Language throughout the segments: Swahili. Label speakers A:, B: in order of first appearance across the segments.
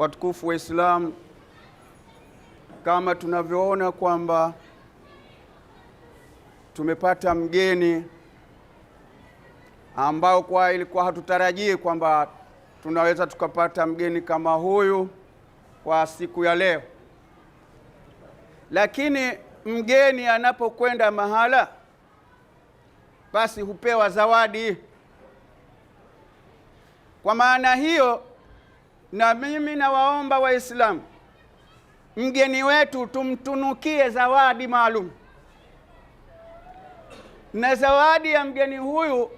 A: watukufu wa Islam, kama tunavyoona kwamba tumepata mgeni ambao kwa ilikuwa hatutarajii kwamba tunaweza tukapata mgeni kama huyu kwa siku ya leo, lakini mgeni anapokwenda mahala basi hupewa zawadi. Kwa maana hiyo na mimi nawaomba Waislamu, mgeni wetu tumtunukie zawadi maalum, na zawadi ya mgeni huyu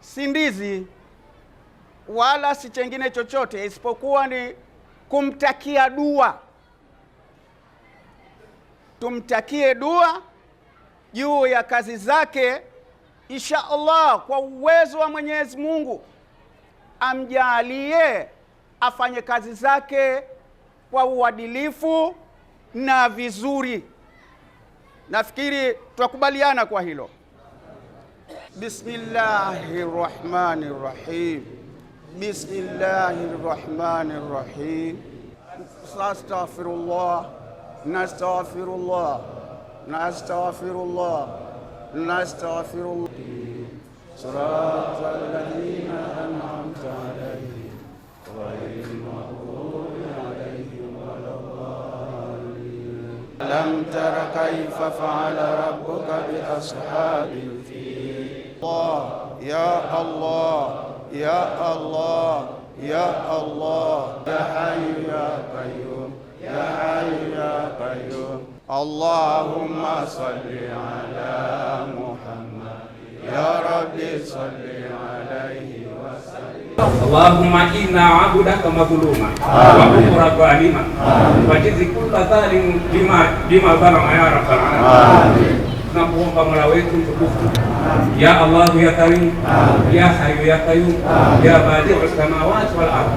A: si ndizi wala si chengine chochote isipokuwa ni kumtakia dua. Tumtakie dua juu ya kazi zake, insha Allah, kwa uwezo wa Mwenyezi Mungu amjalie afanye kazi zake kwa uadilifu na vizuri. Nafikiri tutakubaliana kwa hilo.
B: Bismillahir Rahmanir Rahim. Bismillahir Rahmanir Rahim. Astaghfirullah. Nastaghfirullah. Nastaghfirullah. Nastaghfirullah.
C: Siratal ladhina ألم تر كيف فعل ربك بأصحاب الفيل
D: الله يا الله يا الله يا الله
E: يا حي يا قيوم يا حي يا قيوم اللهم صل على محمد يا رب صل على
F: Allahumma inna abudaka madhuluma wa kufra dhalima wajizi kulla dhalimu bima bima dhalama ya rabbal alamin tunakuomba Mola wetu mtukufu, ya Allahu ya Karim, ya Hayyu ya Qayyum, ya Badiu samawati wal ardh.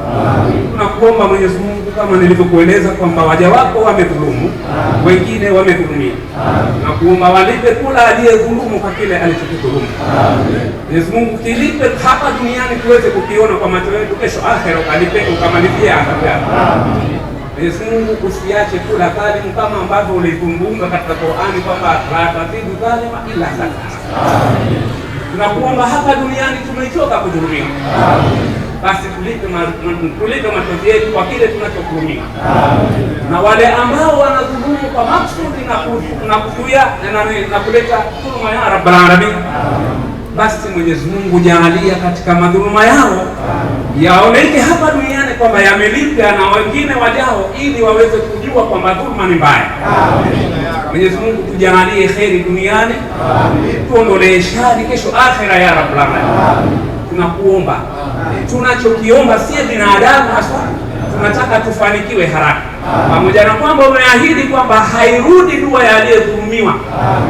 F: Tunakuomba Mwenyezi Mungu, kama nilivyokueleza kwamba waja wako wamedhulumu, wengine wamedhulumia, tunakuomba walipe kula aliyedhulumu kwa kile alichokidhulumu. Mwenyezi Mungu, kilipe hapa duniani tuweze kukiona kwa macho yetu, kesho akhera ukalipe ukamalizia adhabu yako. Mwenyezi Mungu usiache kula dhalimu kama ambavyo ulizungumza katika Qur'ani kwamba latazidu dhalima ila zaka. Tunakuomba hapa duniani tumechoka kudhulumiwa, basi tulipe machozi yetu kwa kile tunachokurumia na wale ambao wanadhulumu kwa maksudi na kuzuia na kuleta dhuluma ya Rabbul Alamin, basi Mwenyezi Mungu jaalia katika madhuluma yao yaoneke hapa duniani kwamba yamelipwa na wengine wajao, ili waweze kujua kwamba dhulma ni mbaya. Mwenyezi Mungu tujalie kheri duniani, tuondolee shari kesho akhera, ya rabbal alamin. Tunakuomba, tunachokiomba sie binadamu hasa tunataka tufanikiwe haraka, pamoja na kwamba umeahidi kwamba hairudi dua ya aliyedhulumiwa,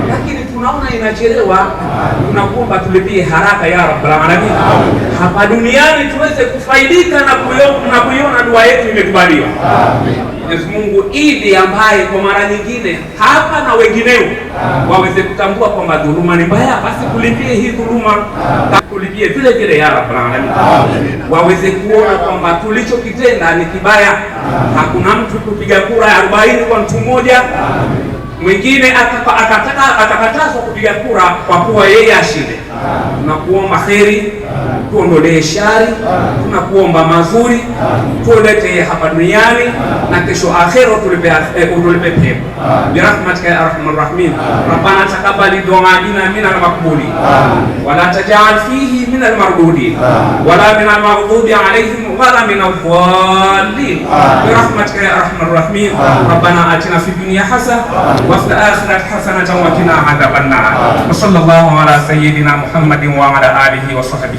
F: lakini tunaona inachelewa, tunakuomba tulipie haraka ya rabbal alamin, hapa duniani tuweze kufaidika na kuiona dua yetu imekubaliwa. Mwenyezi Mungu ili ambaye kwa mara nyingine hapa na wengineo waweze kutambua kwamba dhuluma ni mbaya, basi kulipie hii dhuluma, kulipie vile vile ya rabbal alamin, waweze kuona kwamba tulichokitenda ni kibaya. Hakuna mtu kupiga kura ya arobaini kwa mtu mmoja mwingine atakatazwa kupiga kura kwa kuwa yeye ashinde. Tunakuomba heri tuondolee shari, tunakuomba mazuri, tuletee hapa duniani na kesho akhera, tulipe, eh, tulipe pepo bi rahmatika ya arhamar rahimin. Rabbana taqabbal min al maqbuli wa la taj'al fihi min al mardudi wa la min al maghdubi alayhim wa la min minal dhalin rahmatika ya arhamar rahimin. Rabbana atina fid dunya hasana wa fil akhirati hasanatan wa qina adhaban nar. Sallallahu ala sayyidina Muhammadin wa ala alihi wa sahbihi